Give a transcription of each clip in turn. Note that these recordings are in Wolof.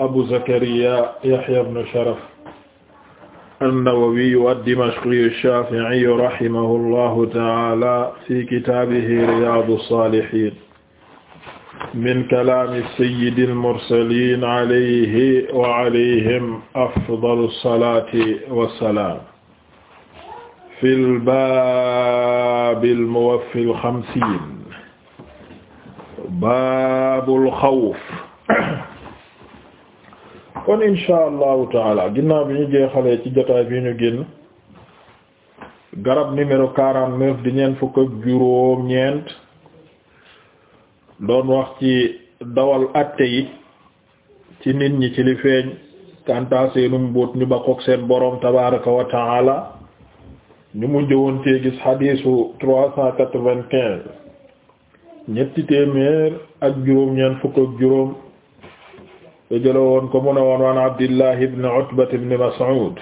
abu zakariya yahya ibn sharaf annawawiyu ad-dimashqiyu ash-shafi'iyu rahimahu llahu ta'ala fi kitaabihi riyaadu saalihiin min kalaami sayyidi al-mursaliin alayhi wa alayhim afdalu salaati wa salaam fil baabil muwaffil xamsiin baabul xawf kon insha allahu taala ginnaaw bi ñu jeexalee ci jotaay bi ñu génn garab numéro quarante di ñeent fukk ak juróom ñeent doon wax ci dawal àtte yi ci nit ñi ci li feeñ kanta seenum mbóot ñu bakkook seen boroom tabaraka wa taala ñu mujj woon cee gis xadiisu trois cent ak juróom ñeent fukk ak juróom te jëloo woon ko mu ne woon waan Abdillah ibn Utba ibn Mas'ud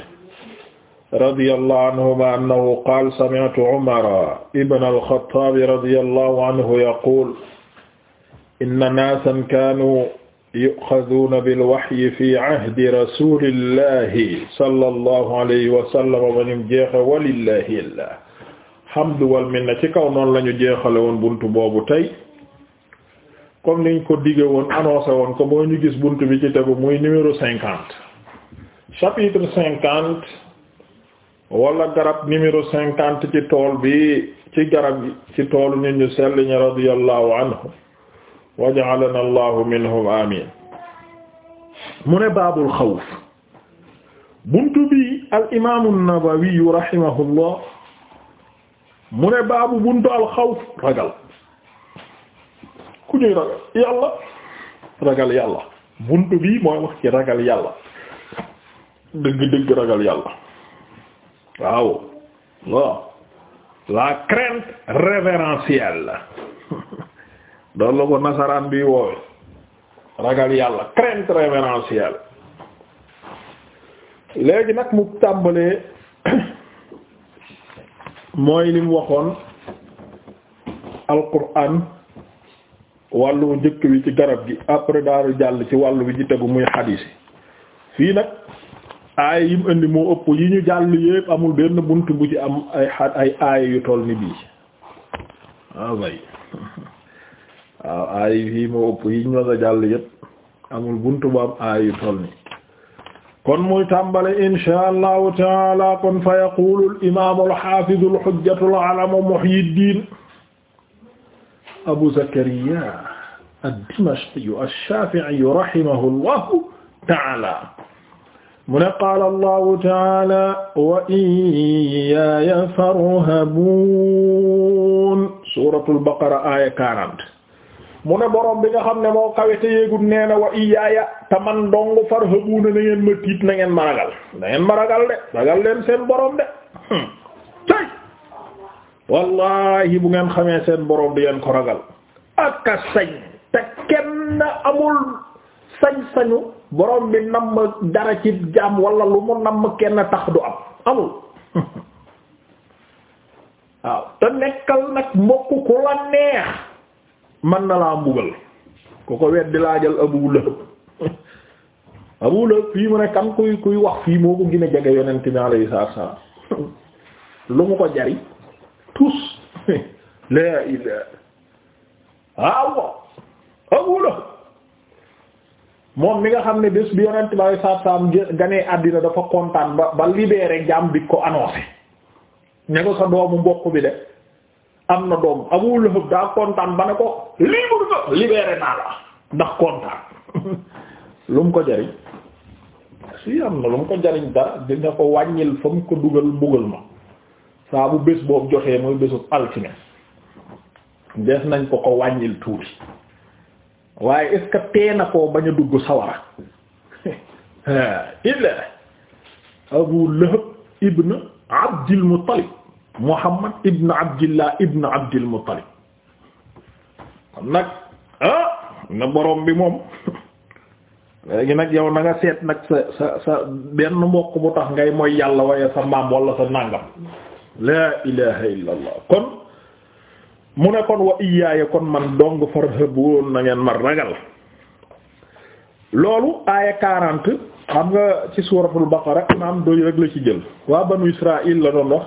radiyallahu anhuma annahu qaala sami'tu Umara ibn al-Khattab radiyallahu anhu yaqul inna naasan kaanu yu'xazuuna bil-wahyi fi ahdi rasuulillahi sallallahu alayhi wa sallam ba ñu jeexe walillahi alhamdu wal minna ci kaw noonu la ñu jeexale woon buntu boobu tey comme niñ ko digge woon annoncé woon ko moo ñu gis bunt bi ci tegu muy numéro cinquante chapitre cinquante wala garab numéro cinquante ci tool bi ci garab ci toolu nit ñu sell radiyallahu anhu waj'alana allahu minhum amin mu ne baabul xawf buntu bi al imaamu an-Nawawi rahimahullah mu ne baabu buntu al xawf ku ñuy ragal yàlla ragal yàlla buntu bi mooy wax ci ragal yàlla dëgg-dëgg ragal yàlla waaw waaw la crainte révérentielle doon la ko nasaraan bi woowe ragal yàlla crainte révérentielle léegi nag mu tàmbalee mooy li mu waxoon alquran wàllu njëkk bi ci garab gi après daaru jàll ci wàllu bi ci tegu muy xadiis fii nag aaya yim indi moo ëpp yi ñu jàll yépp amul benn bunt bu ci am ay xa ay aaya yu toll ni bii ah, waaw ah, aaya yi moo ëpp yi ñu mas jàll yépp amul bunt bu am aaya yu toll ni kon muy tàmbale insha allahu taala kon fa yaqulu al imaamu al xaafizu al xujjatu al alamu muhyiddin Abu Zakariya ad-Dimashqi ash-Shafi'i rahimahullahu ta'ala mu ne qaala Allahu ta'ala wa iyyaaya farhabuun suuratul baqara aaya 40 mu ne borom bi nga xam ne moo kawe te yéegul nee na wa iyyaaya te man dong farhabuun na ngeen ma tiit na ngeen ma ragal na ngeen ma ragal de ragal leen seen borom de hmm. tey wallahi bu ngeen xamee seen boroom bi ngeen ko ragal ak a sañ te kenn amul sañ-sañu borom bi namm dara ci jaam walla lu mu namm kenn tax du am amul waaw te nekkal nag mbokk ku la neex mën na laa mbugal ku ko weddi laa jël Abu Lahab Abu Lahab fii mu ne kuy kuy wax fii moo ko gën a jege yonent bi alayhi salaam lu mu ko jari tous la ila waaw Abu Lahab moom mi nga xam ne bés bi yonent bi alei saatu salaam ganee àddina dafa kontaan ba ba libéré jaam bi ko annoncé ne ko sa doomu mbokk bi de am na doom Abu Lahab daa kontaan ba ne ko libre nga libéré naa la ndax kontaan lu mu ko jariñ si am na lu mu ko jariñ dara dina ko wàññil fa mu ko dugal mbugal ma saa bu bés boobu joxee muy bésub altime des nañ ko ko wàññil tuuti waaye est-ce que tee dugg sawara illa Abu Lahab ibn Abdil Muttalib Muhammad ibn Abdillah ibn Abdil Muttalib kon nag ah na borom bi moom léegi nag yow na nga seet nag sa sa sa benn mbokk bu tax ngay mooy yàlla waaye sa maam wala sa nàngam laa ilaha illa allah kon mu ne kon wa iyaaya kon man dong farhabuun na ngeen ma ragal loolu aaya 40 xam nga ci suuratul baqara imaam doy rek la ci jël waa banu israil la doon wax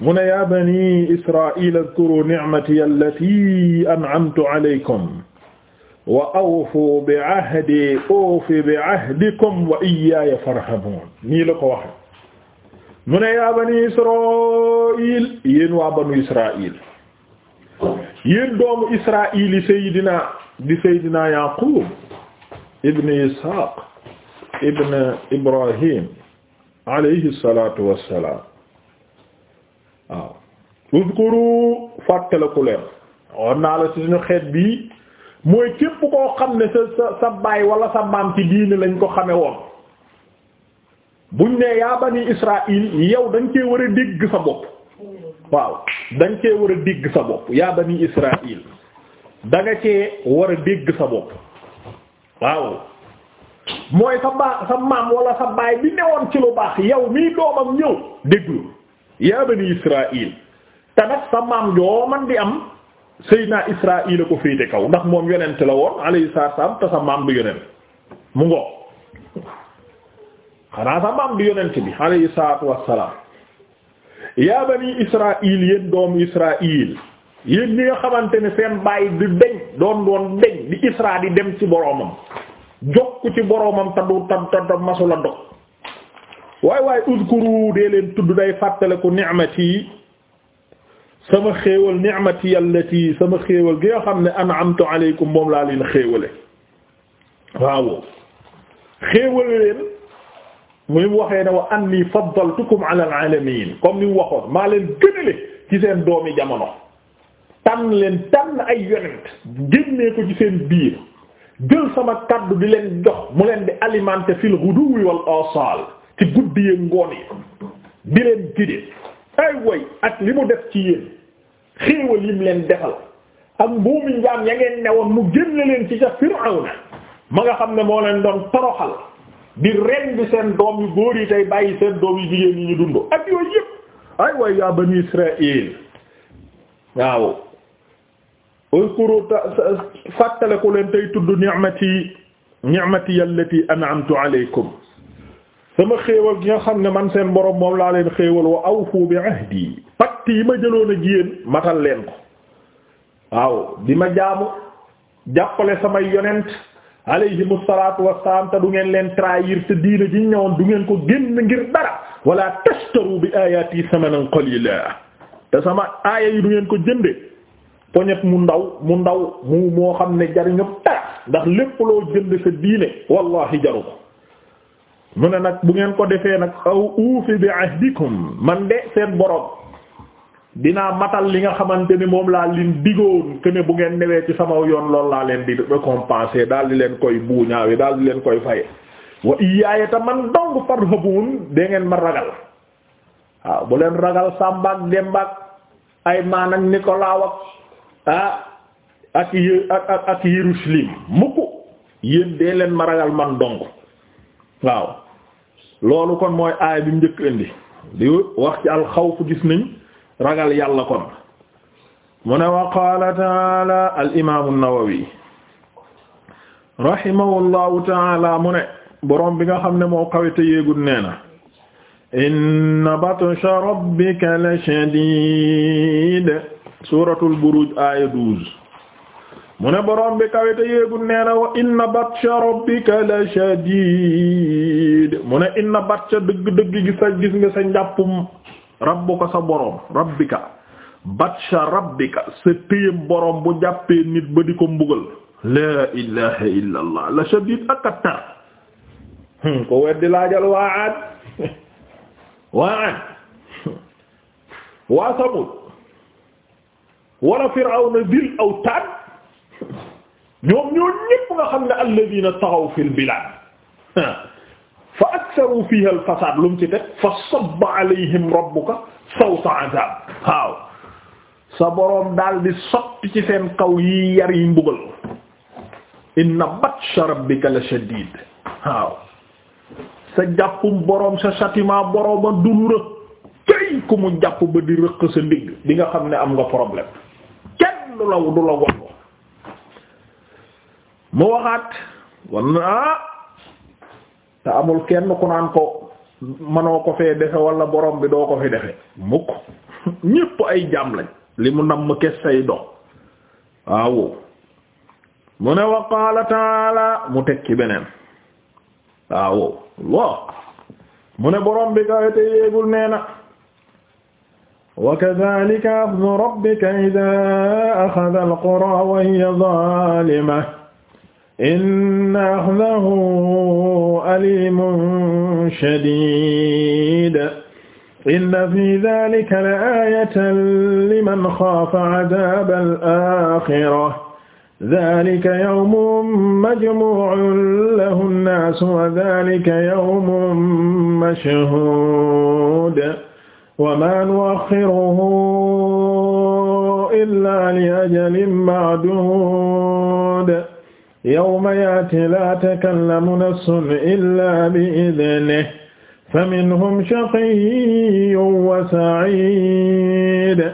mu ne yaa bani israil adkuru ni'mati allati an'amtu alaykum wa awfu bi ahdi awfi bi ahdikum wa iyaaya farhabuun nii la ko waxe mu ne yaa bani israil yéen waa banu israil yéen doomu israil i sayidina di sayidina yaqub ibn ishaq ibn ibrahim alayhi salatu wassalam waaw uzkuru fàttaliku leen wan naa la ci suñu xeet bii mooy képp koo xam ne sa sa sa baay wala sa maam ci diine lañ ko xame woon buñ nee yaa bani Israël yow dañ cee war a dégg sa bopp waaw dañ cee war a dégg sa bopp yaa bani Israël da nga cee war a dégg sa bopp waaw mooy sa baax sa maam wala sa baay bi newoon ci lu baax yow mii doomam ñëw déglu yaa bani Israël te nag sa maam joo man di am Seydina Israël a ko féete kaw ndax moom yonent la woon alayhi salaam te sa maam du yonent mu ngoo xanaa sax maam bi yonent bi alayhi salaatu wassalaam yaa bani Israaïl yéen doomu Israaïl yéen ñi nga xamante ni seen baay di deñ doon doon deñ di Isra di dem ci boroomam jokk ci boroomam te du te te masula dog waaye waaye uzkuru dee leen tudd day fàttaliku ni'mati sama xéewal ni'mati allati sama xéewal gi nga xam ne an'amtu alaykum moom laa leen xéewale waaw xéewale leen muy waxee ne wa anni faddaltukum ala al-alamin comme ni mu waxoon maa leen gënale ci seen doomi jamono tànn leen tànn ay yonent génnee ko ci seen biir jël sama kaddu di leen jox mu leen di alimenter fil ghuduwi wal asal ci guddi yeeg ngoon yi di leen gide ay way ak li mu def ci yéen xéewal yim leen defal ak mboomi njaam ya ngeen newoon mu gën leen ci ca Firawna ma nga xam ne moo leen doon toroxal di ren bi seen doom yu góor yi tey bàyyi seen doom yu jigéen yi ñu dund ak yooyu yëpp ay waay yaa bani Israël waaw uzkuru fàttaleku leen tey tudd ni'mati ni'mati allati an'amtu alaykum sama xéewal gi nga xam ne man seen borom moom laa leen xéewal wa awfu bi ahdi pacte yi ma jëloon ak yéen matal leen ko waaw di ma jaamu jàppale samay yonent alayhimu salaatu wassalaam te du ngeen leen trahir te diina ji ñëwoon du ngeen ko génn ngir dara wala tashtaru bi ayati samanan qalila te sama aaya yi du ngeen ko jënde poñet mu ndaw mu ndaw mu moo xam ne jariñu dara ndax lépp loo jënd sa diine wallahi jaru ko mu ne nag bu ngeen ko defee nag aw uufi bi ahdikum man de seen boroom dinaa matal li nga xamante ni moom laa leen digoon que bu ngeen newee ci sama yoon loolu laa leen di récompenser daal di leen koy buuñaawe daal di leen koy faye wa iyaaye ta man dong farhabun da ngeen ma ragal waaw bu leen ragal sàmbaak dembaak ay maan ak Nicolas ak ah ak ak ak Yerusalim mukk yéen dee leen ma ragal man dong waaw loolu kon mooy aay bi njëkk indi di wax ci alxawf gis nañ ragal yàlla kon mu ne wa qaala taala al imaamu nawawi rahimahullahu taala mu ne borom bi nga xam ne moo xawete yéegul nee na inna batsha rabbika la shadid suratul buruj aya douze mu ne borom bi xawete yéegul nee na wa la shadid mu ne inna batsha dëgg-dëgg gi sa rabbuka sa boroom rabbika batsha rabbika sa téyam boroom bu jàppee nit ba di ko mbugal laa ilaha illa allah la shadid ak a tar hmm, ko weddi laajal waa aad waa aad waa samut wala firawna dil awtaad ñoom ñoo ñépp nga xam ne alladina taxaw fil bilad fa aktharu fiha al fasad lu mu ci teg fa sabba alayhim rabbuka sawta azab waaw sa boroom daal di sotti ci seen kaw yi yar yi mbugal inna batsha rabbika la shadid waaw sa jàppum boroom sa châtiment borooma dulura tey ku mu jàpp ba di rëq sa ndigg di nga xam ne am nga problème kenn du la du la wongo mu waxaat wan ah te amul kenn ku naan ko manoo ko fee defe wala borom bi doo ko fi defe mukk ñépp ay jaam lañ li mu nam kes say dox waaw mu ne wa qaala taala mu tekki beneen waaw Allah mu ne borom bi ka te yéegul nee na wa kadhalika akhdhu rabbika idha akhadha al-qura wa hiya zalima inna axdahu alimun shadiid inna fi daalika la aayatan liman xaafa cadaabal aaxira daalika yawmun majmuucun lahu nnaasu wa daalika yawmun mashhuud wa maa nuaxxiruhu illaa li ajalin macduud yawma yaati laa takallamu nafsun illaa bi-idnihi faminhum shaqiyyun wa sa'iid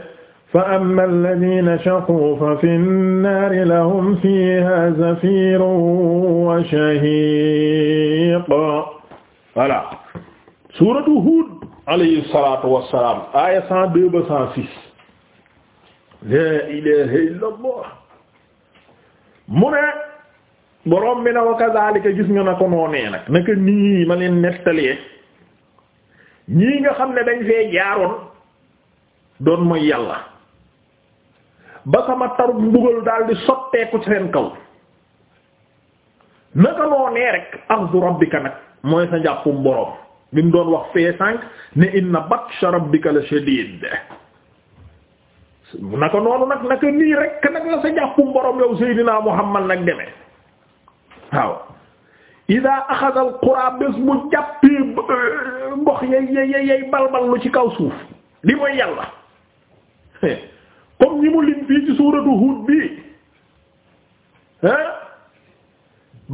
فأما الذين شقوا ففي النار لهم فيها زفير وشهيق voilà suuratu Huud alayhi salaatu wa salaam aaya 102 ba 106 laa ilaaha illallaah mu ne boroom bi na wa kazaalika gis nga na ko noonee nag naka nii ma leen nettalee ñii nga xam ne dañ fee jaaroon doon mooy yàlla ba sama tarub mbugal daal di sotteeku ci seen kaw naka noonee rek axdu rabbika nag mooy sa njàppum borom bi doon wax fee sànq ne inna batsha rabbika la shadid naka noonu nag naka nii rek nag la sa njàppum borom yow Seydina Muhammad nag demee waaw ida axada al qura bés bu jàppee euh, mbox yay yay yay balbal lu ci kaw suuf li mooy yàlla comme ñi mu lim fii ci suuratu Hud bi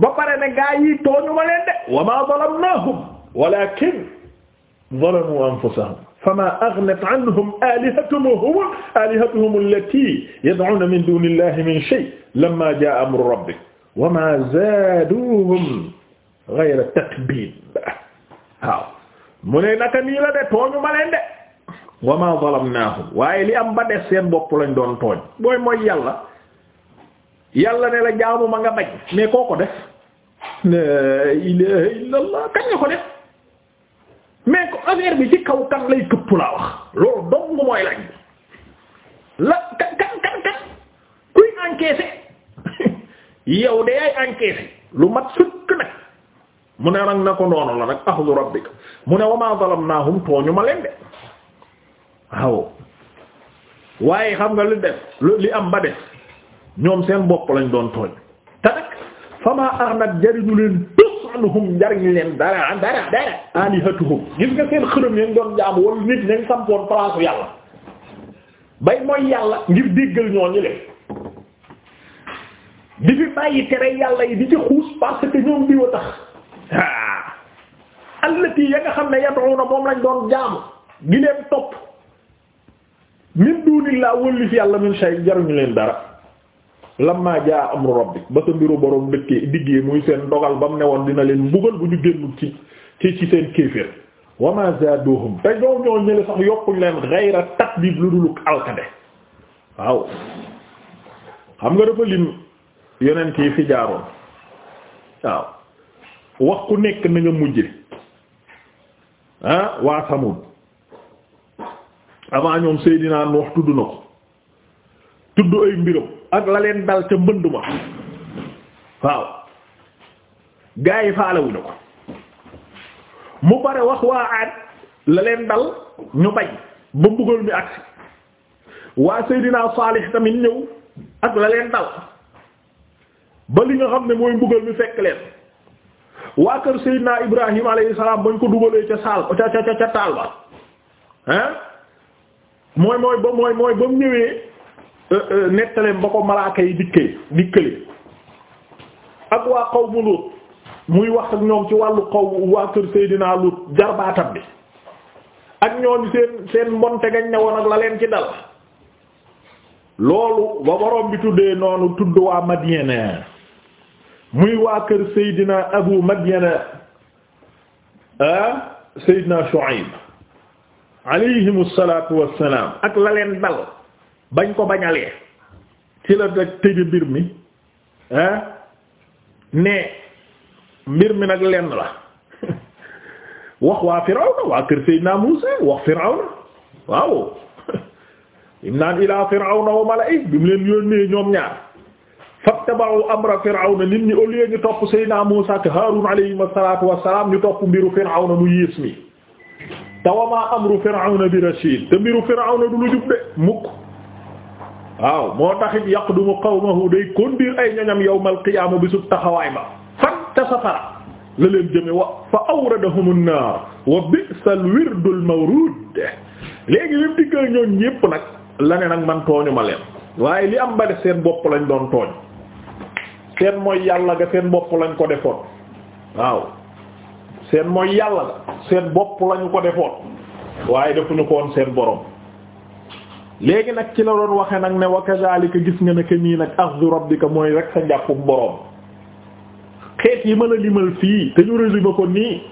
ba pare ne gaa yi tooñu ma leen de wa ma zalamnahum walakin zalamu anfusahum fama aghnat anhum alihatuhum alihatuhum allati yad'una min dunillahi min shay lamma jaa amru rabbik wa ma zaaduhum ghayra tatbiib waaw mu ne naka nii la de tooñu leen de wa ma waaye li am ba des seen bopp lañ doon tooñ booy mooy yàlla yàlla ne la jaamu ma nga bañ mais koo ko def la ilaha kañ ko def mais ko affaire bi ci kaw kan lay këpp laa wax loolu dong mooy lañ la kan kan kan kan kuy encaisser yow de yaay encaissé lu mat sëkk nag mu ne nag na ko noonu la nag axdu rabbika mu ne wa ma zalamnahum tooñu ma leen de waaw waaye xam nga lu def li am ba def ñoom seen bopp lañ doon tooñ te nag fama arnat jariñu leen tus anhum jariñ leen dara dara dara alihatuhum gis nga seen xërëm yañ doon jaamu wala nit ñañ sampoon place yàlla bay mooy yàlla ngir déggal ñooñu leen di fi bàyyi tere yàlla yi di ci xuus parce que ñoom diwa tax ah allati ya nga xam ne yad'una moom lañ doon jaamu gi leen topp min dunillah wëlli fi yàlla min shay jaruñu leen dara lamma am amru rabbik ba sa mbiru boroom dëkkee diggee muy seen dogal ba mu ne woon dina leen mbugal bu ñu génnul ci ci ci seen kéeféer wa ma zaaduhum te ñoom ñoo ñële sax yokkuñ leen ghayra tatbib lu duluk alkade waaw xam nga dafa lim yonent yi fi jaaroon waaw wax ku nekk na nga mujje ah, waa Samud avant ñoom Seydina Nuux tudd na ko tudd ay mbiram ak la leen dal ca mbënd ma waaw gaa yi faalewuñu ko mu bare wax waa Aad la leen dal ñu bañ ba mbugal mi agsi waa Seydina Saalih tamit ñëw ak la leen dal ba li nga xam ne mooy mbugal mi fekk leen waa kër Seydina Ibrahim alayhi salaam bañ ko dugalee ca saal ca ca ca taal ba ah mooy mooy ba mooy mooy ba mu ñëwee euh, euh, nettaleem ba ko malaaka yi dikkee dikkale ak waa qawmu Lut muy wax ak ñoom ci wàllu xaw waa kër Seydina Lut jarbaatam bi ak ñooñu seen seen mbonte gañ ne woon ak la leen ci dal loolu ba borom bi tuddee noonu tudd waa Madiana muy waa kër Seydina Abu Madyana ah Seydina Shu'ayb alayhimu salaatu wa ak la leen bañ ko bañalee ci la rek tëj mbir mi ah, ne mbir mi nag lenn la wax waa Firawna waa kër Muusa wax Firawna waaw im naan ilaa Firawna wa mala'i bi mu leen yónnee ñoom ñaar. fattaba'u amra firawna nit ñi au lieu ñu topp Seydina Muusaa ak Haaruun alayhim salaatu wa salaam ñu topp mbiru firawna mu yées mi te wa maa amru firawna bi rashiid te mbiru firawna du lu jub de mukk waaw moo taxit yaqdumu qawmahu day conduire ay ñoñam yawmal qiyaama bisub taxawaay ma fan ta safara la leen jëme wa fa awradahum an-naar wa bi'sal wirdul mawruud léegi li mu diggal ñépp nag la ne nag man tooñu ma leen waaye li am ba def seen bopp lañ doon tooñ seen mooy yàlla ga seen bopp lañ ko defoon waaw seen mooy yàlla ga seen bopp lañu ko defoon waaye defuñu ko woon seen borom léegi nag ci la doon waxe nag ne wa kazalika gis nga ne que nii nag axdu rabbika mooy rek sa njàppum boroom xeet yi mën a limal fii te ñu résumé ko nii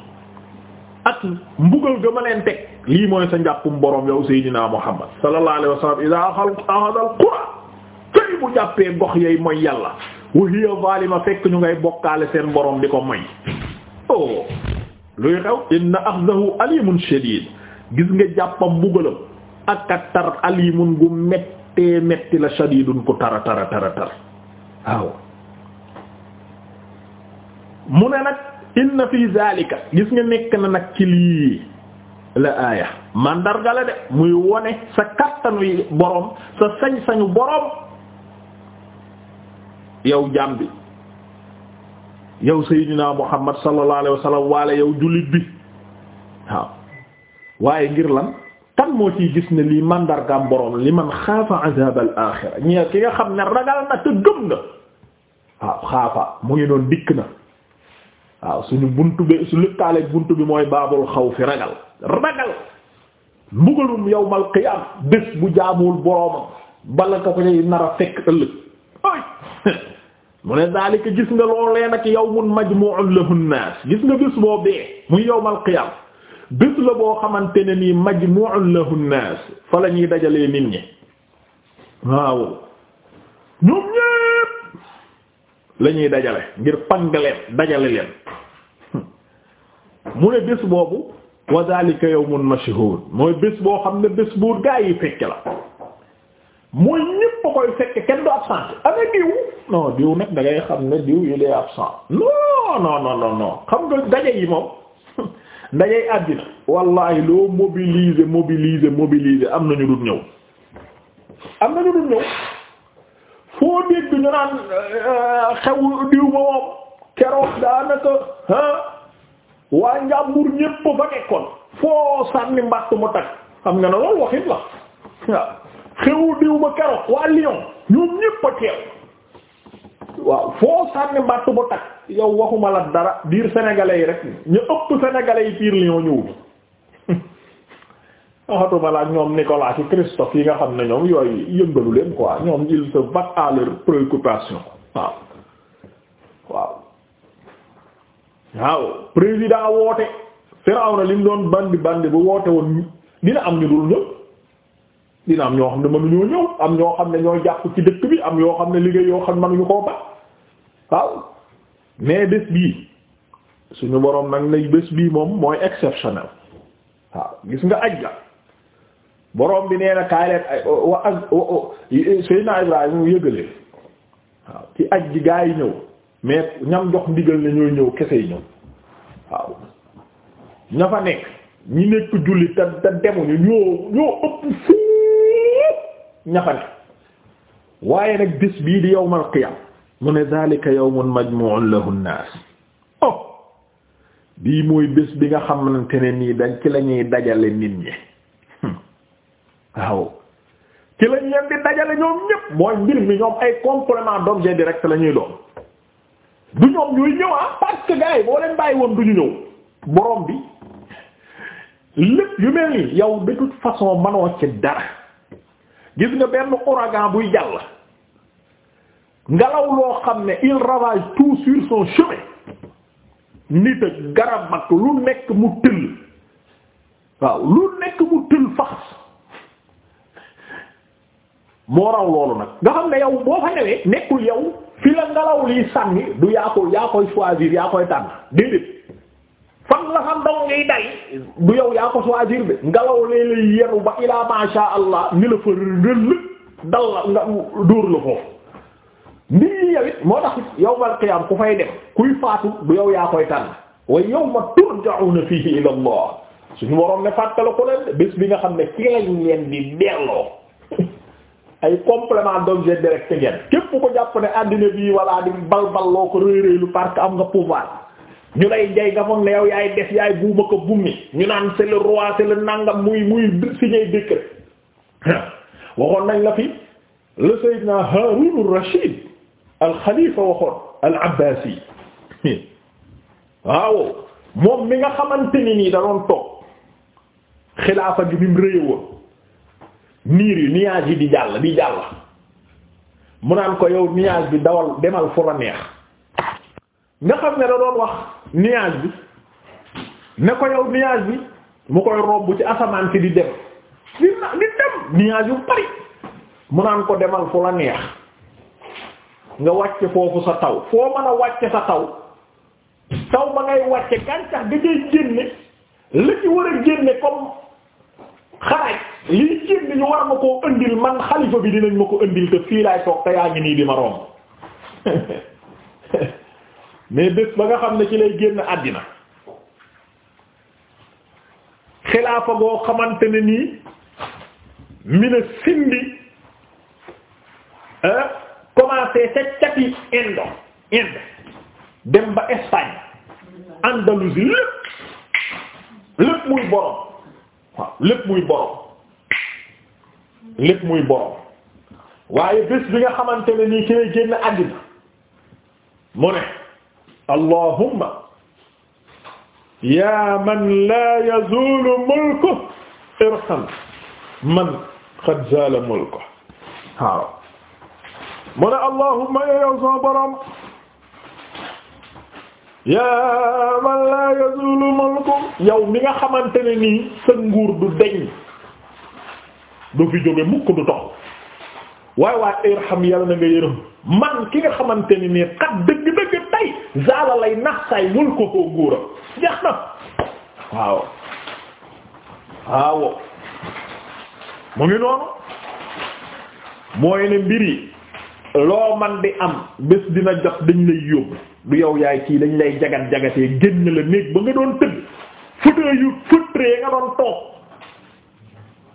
ak mbugal ga ma leen teg lii mooy sa njàppum boroom yow Seydina Muhammad sallallahu alayhi wa sallam idaa axal ahadal qura kay bu jàppee gox yey mooy yàlla wa hiya fekk ñu ngay bokkaale seen borom di ko moy oh luy xew inna axdahu alimun shadid gis nga jàppam mbugalam ak ak tar alimun gu méttee métti la shadidun ku tara tara tara tar waaw mu ne nag inna fi zalika gis nga nekk na nag ci lii la aaya mandarga la de muy wone sa kattanu boroom sa sañ-sañu boroom yow jaam bi yow Seydina Muhammad sallallahu alayhi wa sallam waale yow jullit bi waaw waaye ngir lan kan moo ciy gis ne lii mandargaam boroom li man xaafa azab al axira ki nga xam ne ragal na te gëm na waaw xaafa mu ngi noon dikk na waaw suñu bunt bi su lëkkaaleeg buntu bi mooy baabul xaw fi ragal ragal mbugalum yawmal qiyaam bés bu jaamuwul boroomam bala ka ko nar a fekk ëllëg mu ne daalika gis nga loolee nag yawmun majmu'un lahu an-nas gis nga bés boo bee muy yawmal qiyam bés la boo xamante ne nii majmu'un lahu an-nas fa la ñuy dajalee nit ñi waaw ñoom ñépp la ñuy dajale ngir pangaleen dajale leen mu ne bés boobu wa daalika yawmun mashhud mooy bés boo xam ne bés bu gaa yi fekk la mooy ñépp a koy fekk kenn du absent ana diw non diw nag da xam ne diw yi lay absent non non non xam nga daje yi moom ndajey àddina wallahi loo mobiliser mobiliser mobiliser am nañu dul ñëw am nañu dul ñëw foo dégg ñu naan euh, xew diw ma moom keroog daanaka ah waa njàmbur ñépp ba nekkoon foo sànni mbàtt mu xam nga ne loolu waxit la xewu diw ba keroog waa Lyon ñoom ñépp a teew waaw foo sànni mbàtt bu takk yow waxuma la dara biir sénégalais yi rek ñu ëpp sénégalais yi biir Lyon ñëwul waxatuma la ñoom Nicolas ci Christophe yi nga xam ne ñoom yooyu yëngalu leen quoi ñoom ils se battent à leur waaw waaw président woote Firawna li mu doon bandi bandi bu woote woon dina am ñu dul ñëw dina am ñoo xam ne mënuñoo ñëw am ñoo xam ne ñoo jàpp ci dëkk bi am yoo xam ne liggéey yoo xam ne ñu koo ba waaw mais bés bii suñu boroom nag lay bés bii moom mooy exceptionnel waaw gis nga aj boroom bi nee na kaay gaa yi ñëw mais ñam jox ndigal ne ñooy ñëw kese yi ñëw waaw ña fa nekk ñi nekk julli te te demuñu ñoo ñoo ñafane waaye nag bis bii di yawmal qiyam mu ne zalika yawmun majmu'un lahu an-nas oh! bii mooy bés bi nga xamante ne nii dañ ci la ñuy dajale nit ñi hmm. waaw ci lañ dajale ñoom ñépp mooy mbir mi ñoom ay complément d'objet direct la ñuy du ñoom ñuy ñëw ah parce boo leen bàyyi woon du ñëw borom bi lépp yu mel ni yow de toute façon manoo ci dara gis nga benn ouragan buy jàll ngelaw loo xam ne il ravage tout sur son chemin nit ak garab mag lu nekk mu tëll waaw lu nekk mu tëll faxas moo raw loolu nag nga xam ne yow boo fa newee nekkul yow fi la ngelaw liy sànni du yaa ko yaa koy choisir yaa koy tànn déedéet fam la fam dong ngay dari bu yow yaa ko choisir de ngelaw lee lay yeru ba ilaa masha allah ni la fa rëll dal la nga duur la foofu ndi yow it moo tax yawmal qiyaam ku fay dem kuy faatu bu yow yaa koy tànn wa yawma turja'una fihi ila allah suñu waroon ne fàttali ko leen bés bi nga xam ne ci lañ leen di delloo ay complément d'objet direct ngeen képp ko jàpp ne àddina bii walla di balbal loo ko réeréelu parce que am nga pouvoir ñu lay jay nga foog ne yow yaay def yaay buuma ko bummi ñu naan c'est le roi c'est nangam muy muy signé décret waxoon nañ la fi le sayyidna Harun ar-Rashid al al-Abbasi waaw moom mi nga xamante ni nii da doon toog xilaafa gi nim réyewoon niir yi nuage yi di jàll di jàll mu naan ko yow nuage bi dawal demal fu la neex nga xam ne da wax nuage bi ne ko yow nuage bi mu koy romb ci asamaan si di dem di na di dem nuage yu bari mu naan ko demal fu la neex nga wàcce foofu sa taw foo mën a wàcce sa taw taw ba ngay wàcce gàncax da ngay génne la ci war a génne comme xaraaj lii génne ñu war ma koo indil man xalifa bi dinañ ma ko indil te fii laay toog te yaa ngi nii di ma romb mais bés ba nga xam ne ci lay génn àddina fa goo xamante ne nii mi ne sindi commencé ca cati indo inde dem ba Espagne Andalousie lépp lépp muy borom lépp muy borom lépp muy borom waaye bés bi nga xamante ne nii ci lay génn àddina mu ne allahumma yaa man laa yazuulu mulku irham man qad zaala mulku waaw mu ne allahumma yow sama borom yaa man laa yazuulu mulku yow mi nga xamante ne nii sa nguur du deñ du fi jóge mukk du tox waay waay irham yàlla na nga yërëm man ki nga xamante ne nii qad dëgg dëgg kay zaala lay nax saay mul ko koo góoram jeex na waaw waaw mu ngi noonu mooy ne mbiri loo man di am bés dina jot dañ lay yóbbu du yow yaay kii lañ lay jagat jagatee génn la néeg ba nga doon tëdd fauteuil yu feutré nga doon toog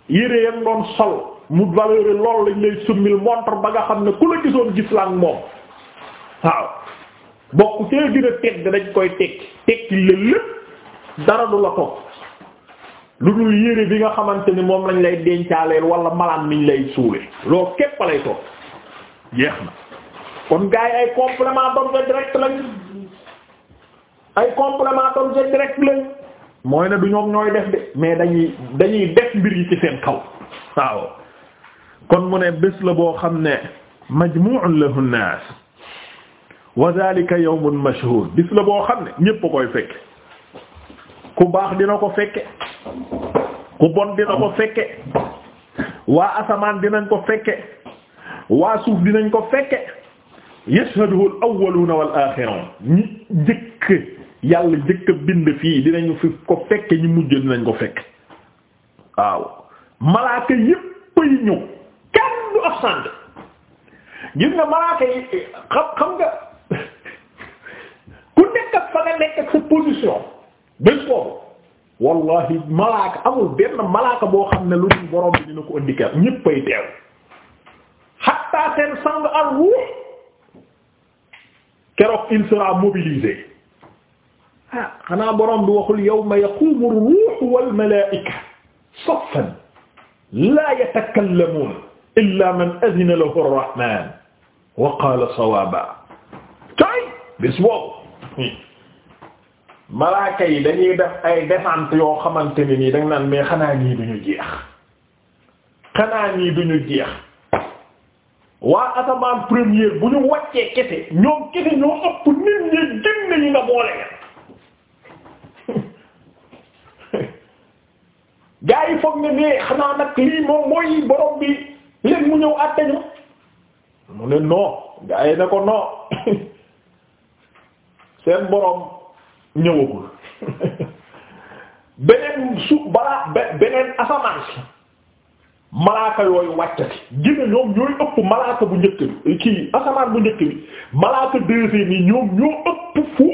yére ya nga doon sol mu valeur lool lañ lay summil montre ba nga xam ne ku la gisoon gis moom waaw bokk see gën tedd dañ koy tekki tekki la lépp dara du la topp lu dul yére bi nga xamante ni moom lañ lay dencaaleel wala malaan niñ lay suule loolu képp lay topp jeex na kon gars ay complément d'objet direct lañ ay complément d'objet direct lañ mooy ne du ñoom ñooy def de mais dañuy dañuy def mbir yi ci seen kaw waaw kon mu ne bés la boo xam ne majmu'un lahu an wa zalika yawmun mashhur bis la boo xam ne ñépp a koy fekke ku baax dina ko fekke ku bon dina ko fekke waa asamaan dinañ ko fekke waa suuf dinañ ko fekke yashhaduhu al-awwaluna wal ñi njëkk yàlla njëkk bind fii dinañu fi ko fekke ñi mujj dinañ ko fekke waaw malaaka yépp yi ñëw kenn du absent gis nga malaaka yi xam xam nga ak fa nga nekk ak sa position bés boobu wallahi malaaka amul benn malaaka boo xam ne lu dul borom bi dina ko indi kër ñéppay teew hatta seen sang al ruux keroog il sera mobilisé ah xanaa borom bi waxul yawma yaqumu ruuhu wal malaa'ika saffan laa yatakallamuun illaa man adina lahu ar-rahmaan wa qaala sawaaba tay bis boobu malaaka yi dañuy def ay descente yoo xamante ne nii danga naan mais xanaa ñii duñu jeex xanaa ñii duñu jeex waa asamaan première bu ñu wàccee kese ñoom kese ñoo ëpp nit ñi génn ñi nga boole leen gaa yi foog ne mais xanaa nag lii moom mooy borom bi leen mu ñëw àttañu mu ne non gaa yi ne ko non seen borom ñëwagul beneen suuf balaa beneen asamaan si malaaka yooyu wàccati gina ñoom ñooy ëpp malaaka bu njëkk bi kii asamaan bu njëkk bi malaaka deuxième yi ñoom ñoo ëpp fu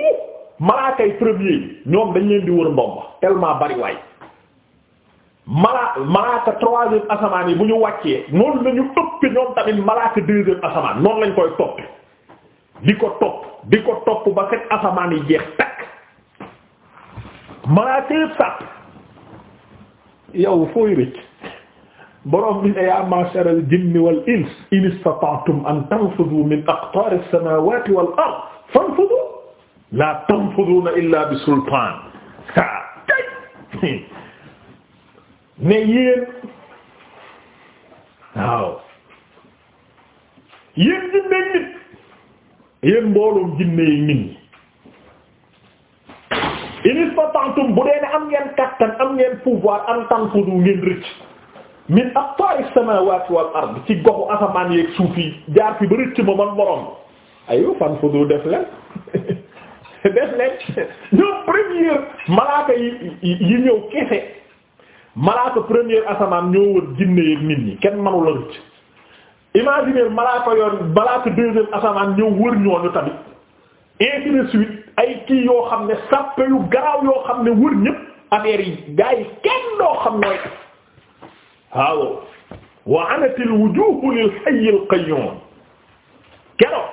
malaakay premier yi ñoom dañ leen di wër ndomba ma bari waay malaaka troisième asamaan yi bu ñu wàccee noonu lañu ëpp ñoom tamit malaaka deuxième asamaan noonu lañ koy topp di ko topp di ko topp ba fekk asamaan yi jeex takk malaaka yëpp sàpp yow fooy rëcc borom bi ne yaa ma'sharal jinni wal ins in istata'tum an tanfudu min aqtari as-samawati wal ard fanfudu la tanfuduna illa bi sultaan ah tey ne yéen waaw yéen jinne nit yéen mbooloom jinne yi nit ñi in istata'tum bu dee ne am ngeen kattan am ngeen pouvoir an tanfudu ngeen rëcc min aqtaris samawati wal ard ci goxu asamaan yeeg suuf yi jaar fi ba rëcc ma man borom ayu fanfudu def leen def leen ñoo première malaaka yi ñëw kese malaaka première asamaan ñoo wër jinne yeeg nit ñi kenn manu la rëcc imaginer malaaka yoon malaaka deuxième asamaan ñëw wër ñooñu tamit ainsi ay kii yoo xam ne sàppe yu garaaw yoo xam ne wër ñëpp affaire yi gaa yi kenn doo xam nooy waaw wa anatil wujuhu lil hayy al qayyum keroog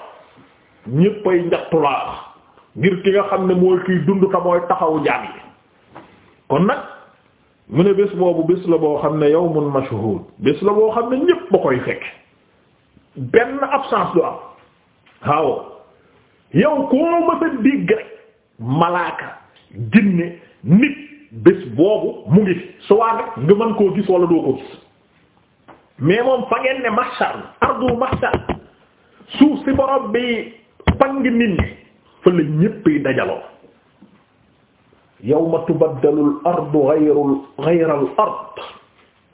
ñëppay njattulaax ngir ki nga xam ne mooy kiy dund ta taxawu jaam yi kon nag mu ne bés boobu bés la boo xam ne yow yawmun mashhud bés la boo xam ne ñëpp ba koy fekk benn absence du am waaw yow koo ma sa digg rek malaaka jinne nit bés boobu mu ngi fi soit rek nga mën koo gis wala doo ko gis mais moom fa ngeen ne mahshar ardu mahshar suuf si borom bi pang nit ñi fa la ñépp yi dajaloo tubaddalu ardu ghayru ghayra ard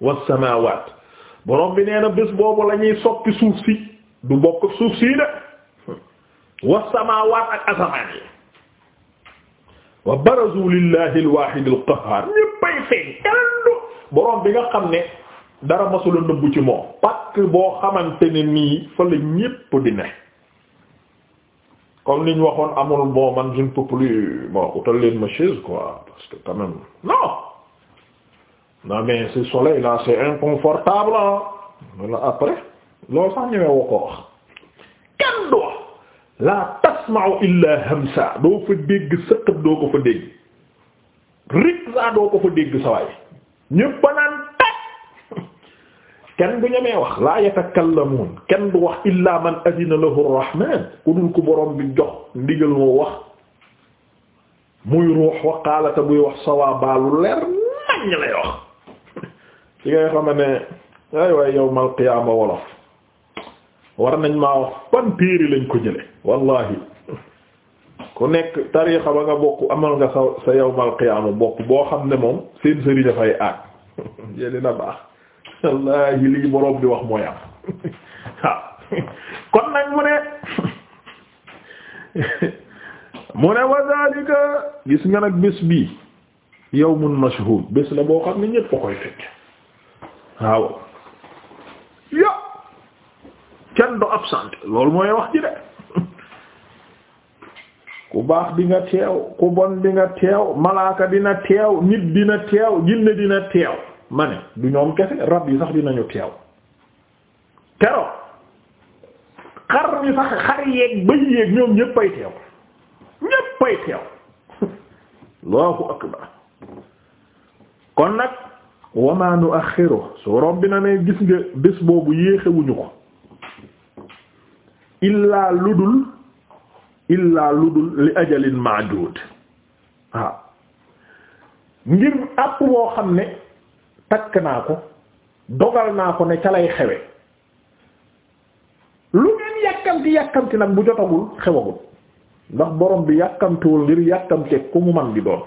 was samawat borom bi nee na bés boobu la ñuy suuf si du bokk suuf sii de wa samaawaat ak asamaan yi wa barazu lillahi alwahid alqahhar ñéppay feeñ ellu boroom bi nga xam ne dara masula nëbbu ci moom pakk boo xamante ne nii fa la ñépp di ne comme liñ waxoon amul bon man je ne plus bon utal leen ma chaise quoi parce que quand même mais ce soleil là inconfortable ah après loolu sax ñëwee woo wax kenn du la tasma'u illa hamsa doo fa dégg sëqat doo ko fa dégg riksa doo ko fa dégg sawaay ñépp banaan tag kenn bu ñemee wax la yatakallamuun kenn du wax illa man adina lahu arrahman ku dul ko borom bi jox ndigal moo wax muy ruux wa qaalata buy wax sawaa baalu leer nañ lay wax ci ngay xam ne ay waay yawmal qiyaama wolof war nañ maa wax ban lañ ko jële wallahi ku nekk tariixa ba nga bokk amal nga sa sa yawmal qiyaama bokk boo xam ne moom seen sëriñ dafay aat na baax wallahi lii boroom di wax mooy am waaw kon nag mu ne mu ne wa gis nga nag bés bii yawmun mashhuud bés la boo xam ne ñépp a koy fekk waaw kenn du absent loolu mooy wax ji de ku baax di nga teew ku bon di nga teew malaaka dina teew nit dina teew jinne dina teew ma du ñoom kese rab yi sax dinañu teew kero xar mi sax xar yeeg bëy yeeg ñoom ñépp teew ñépp ay teew Allahu akbar kon nag wama ak axiru su rob na ne gis nga bés boobu yéexewuñu ko illaa dul illaa ludul li ajalin maadud waaw ngir àpp boo xam ne takk naa ko dogal naa ko ne ca lay xewe lu ngeen yàkkamti yàkkamti nag bu jotagul xewagul ndax borom bi yàkkamtiwul ngir yàkkamte ku mu man di doon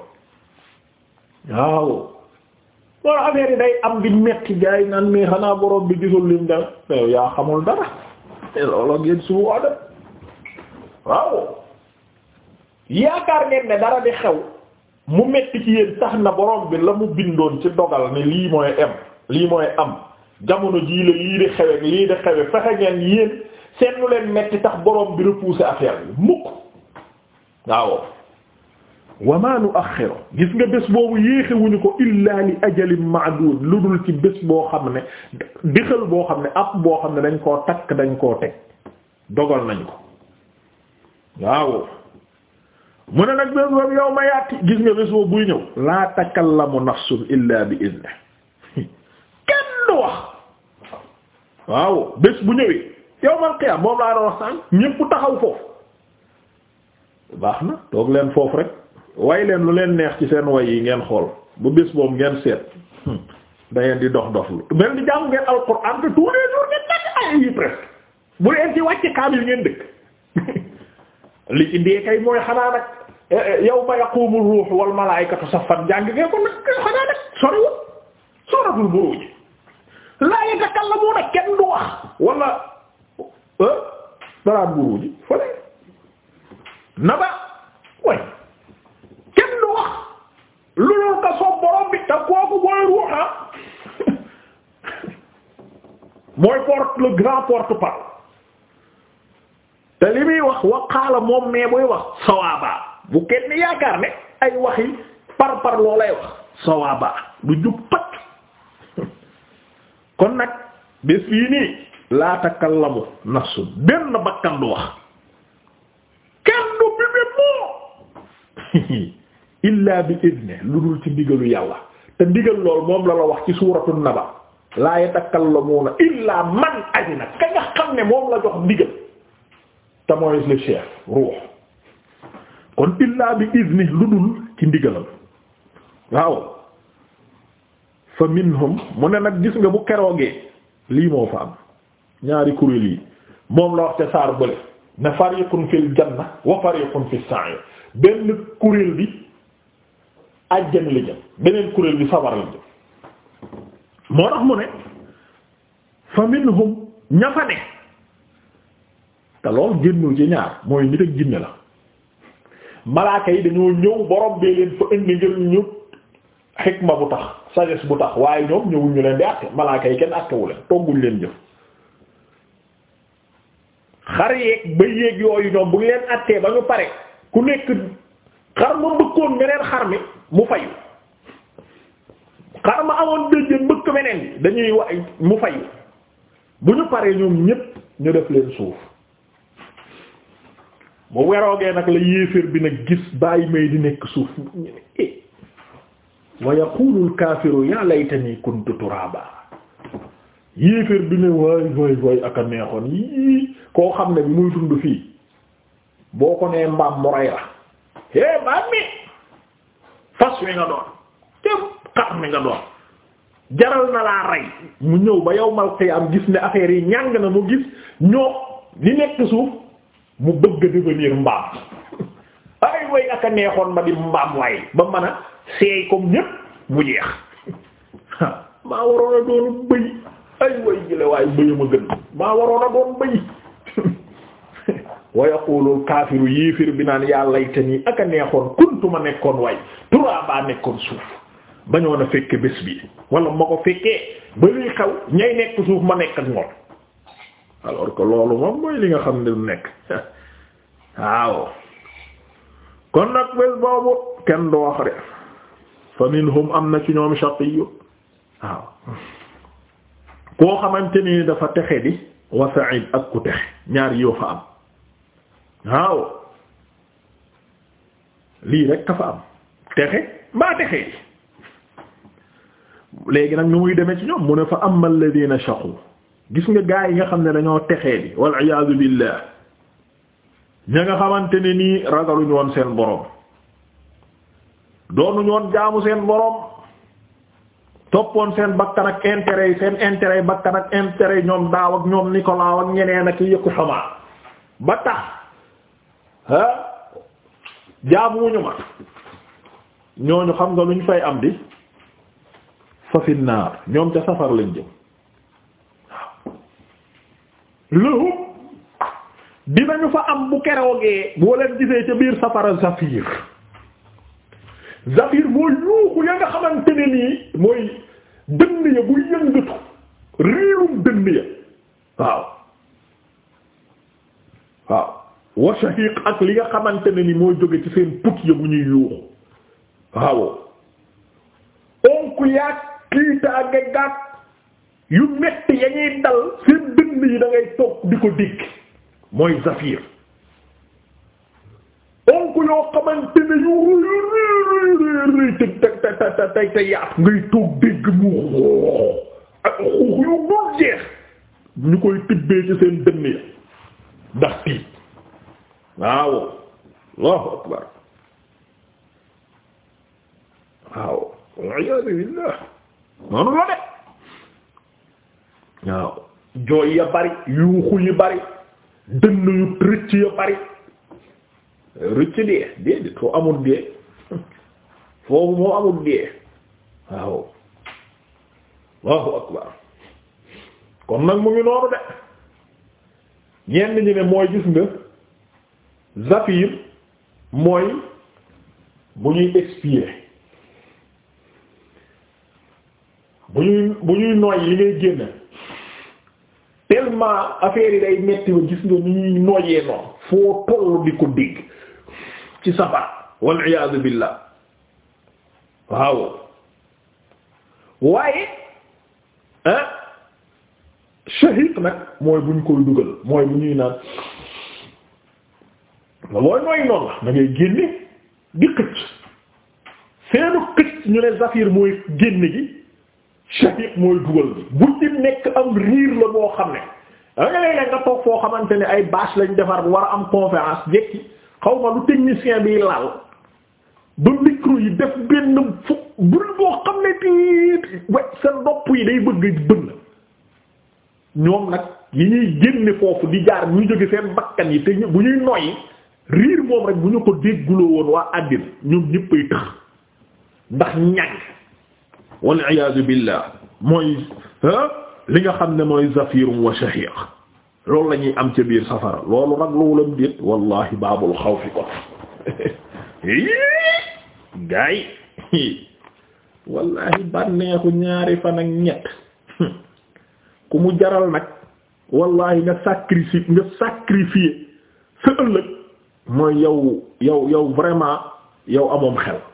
waaw loolu affaire yi day am di metti gaa naan mais xanaa borom bi gisul lim da yaa xamul dara looloo ngeen suuf wax dëgg waaw yaakaar ngeen ne dara di xew mu metti ci yéen tax na borom bi la mu bindoon ci dogal ne lii mooy am lii mooy am jamono jii la lii di xewe lii di xewe fexe ngeen yéen seen lu leen metti tax borom bi repoussé affaire bi mukk waaw. wamaanu ma nu'akhkhiru gis nga bés boobu yéexewuñu ko illa li ajalin ma'dud lu dul ci bés boo xam ne dixal boo xam ne ab boo xam ne dañ koo takk dañ koo teg dogal nañ ko waaw mu ne nag bés boobu yow ma yaati gis nga bés boobu buy ñëw laa takallamu nafsun illa bi idni kenn wax waaw bés bu ñëwee yow man xiyaam moom laa doon wax sànq ñépp taxaw foofu baax na toog leen foofu rek way leen lu leen neex ci seen way yi ngeen xool bu bés boobu ngeen seet hmm. da di dox dox lu mel ni jàmm ngeen alxuraan te tous les jours ngeen ay yi presque bu leen ci wàcc kaamil ngeen dëkk li ci ndee kay mooy xanaa nag eh, eh, yawma yaqumu ruuhu wal malaa'ikatu saffan jàng ngeen ko nag xanaa nag soriwul suratul buruj laa yatakallamuuna kenn du wax wala ah eh, balaa buruj na ba way lu dul nga soob bi te kooku mooy ruuxa mooy porte le grand porte-parole te li muy wax waqaala moom mais buy wax sawaaba bu kenn yaakaar ne ay waxi par par loo lay wax sawaaba du jub pat kon nag bi fii nii laa takallamu nafsun benn bakkan du wax kenn du bi bi illa bi idne lu dul ci ndigalu yàlla te ndigal lool moom la la wax ci suuratu naba laa yatakallamuuna illa man azina ka nga xam ne moom la jox ndigal te mooy chef ruux kon illa bi idne lu dul ci ndigalam waaw fa minhum mu ne nag gis nga bu keroogee lii moo fa am ñaari kuréel yi moom la wax te saar bële ne fariqun fil janna wa fariqun fis sa'ir benn kuréel bi àjjana la jëm beneen kuréel bi sawar la jëm moo tax mu ne fa minhum ña te loolu génnul ci ñaar mooy nit ak jinne la malaaka yi dañoo ñëw borom bee leen fa indi ngir ñu xikma bu tax sagesse bu tax waaye ñoom ñëwul ñu leen di àtte malaaka yi kenn àttewu leen togguñ leen jëf xar yeeg ba yéeg yooyu ñoom bu leen àttee ba ñu pare ku nekk xar ma mbëkkoon meneen xar mi mu fayu xar ma amoon béjjén mbëkk meneen bi dañuy wax mu fayu bu ñu paree ñoom ñépp ñu def leen suuf bu weroogee nag la yéeféer bi nag gis bàyyi may di nekk suuf ñu ne eh wa yaqulu al-kaafiru yaa laytanii kuntu turaaba yéeféer bi ne waay waay waay ak a neexoon yii koo xam ne bi muy dund fii boo ko nee mbaam mu rey la hee mbaam mi fas wi nga doon jaral na laa rey mu ñëw ba yowmal qiyaam gis ne affaire yi ñàng na mu gis ñoo li nekk suuf mu bëgg a devenir mbaam ay way ak a neexoon ma di mbaam waaye ba mën a seey comme ñépp mu jeex maa waroon a doon bëy ay way jële waaye bëyam a gën maa waroon a doon bëy wa yaqulul kaafiru yéefir bi naan yaa laytani ak a neexoon ma nekkoon way turaaba nekkoon suuf bañoon a fekke bés bi wala ma ko fekkee ba luy xaw ñay nekk suuf ma nekk ak ngoon alors que loolu moom mooy li nga xam ne du nekk waaw kon nag bés boobu kenn du wax am na ci ñoom shaqiyyu waaw ni dafa texe di wa sa'id ak ku texe ñaar yoo fa am waaw lii rek ka fa am texe mbaa texe léegi nag nu muy demee ci ñoom mu ne fa amma alladhina shaqu gis nga gaa yi nga xam ne dañoo texe bi wal iyaadu billah ña nga xamante ne nii ragaluñu woon seen boroom doonuñu woon jaamu seen boroom toppoon seen bakkan ak intérêt yi seen intérêt yi bakkan ak intérêt yi ñoom daaw ak ñoom Nicolas ak ñeneen ak yëkku xamaa ba tax ah jaamuwuñu ma ñooñu xam nga luñ fay am di fafin naar ñoom ca safar lañ jëm waaw lahum dinañu fa am bu keroogee boo leen gisee ca biir safara zafir zafir mooy yuuxu ya nga xamante ne nii mooy dënn ya bu yëngatu réerum dënn ya waaw waaw wa shahiq ak li nga xamante ne ni moo jóge ci seen put ya bu ñuy yuuxu waaw onk yaag kiitaa nga gaat yu metti ya ñuy dal seen dënn yi da toog di ko dégg mooy zafir onk yoo xamante ak xuux yu dul jeex ñu koy tibbee ci seen dënn ya ndax tiit waaw allahu akbar waaw waliyasu billah noonu la de waaw jooy ya bari yuuxu yi bari dënn yu rëcc ya bari rëcc dee dee di foo amul dee foofu moo amul dee waaw allahu akbar kon nag mu ngi noonu de ñenn ñi ne mooy gis nga zafir mooy bu ñuy expier bu ñuy bu ñuy noy li ngay génn tellement affaire yi day metti ba gis nga ni ñuy noyee noonu foo toll di ko dégg ci safar wal iyaadu billah waaw waaye ah shahiq nag mooy bu ñu koy dugal mooy bu ñuy naan looy nooy noonu la da ngay génne di xëcc seenu xëcc ñu ne zafir mooy génne gi shahiq mooy dugal bu ci nekk am riir la boo xam ne da nga toog foo xamante ne ay bâche lañ defar bu war a am conférence jekki xaw ma lu technicien bi laal ba micro yi def benn fu bul boo xam ne tiit wa sa yi day bëgg bënn ñoom nag yi ñuy génne foofu di jaar bu ñu jóge seen bakkan yi te bu ñuy noyyi riir moom rek bu ñu ko dégguloo woon waa àddina ñoom ñëppay tax ndax ñàng wal iyaadu billah mooy li nga xam ne mooy zafirum wa shahiq loolu la am ca biir safara loolu rag loolam déet wallahi baabul xawfi ko gaay wallahi bànneexu ñaari fan ak ñett ku mu jaral nag wallahi nga sacrifice nga sacrifier sa ëllëg mooy yow yow yow vraiment yow amoom xel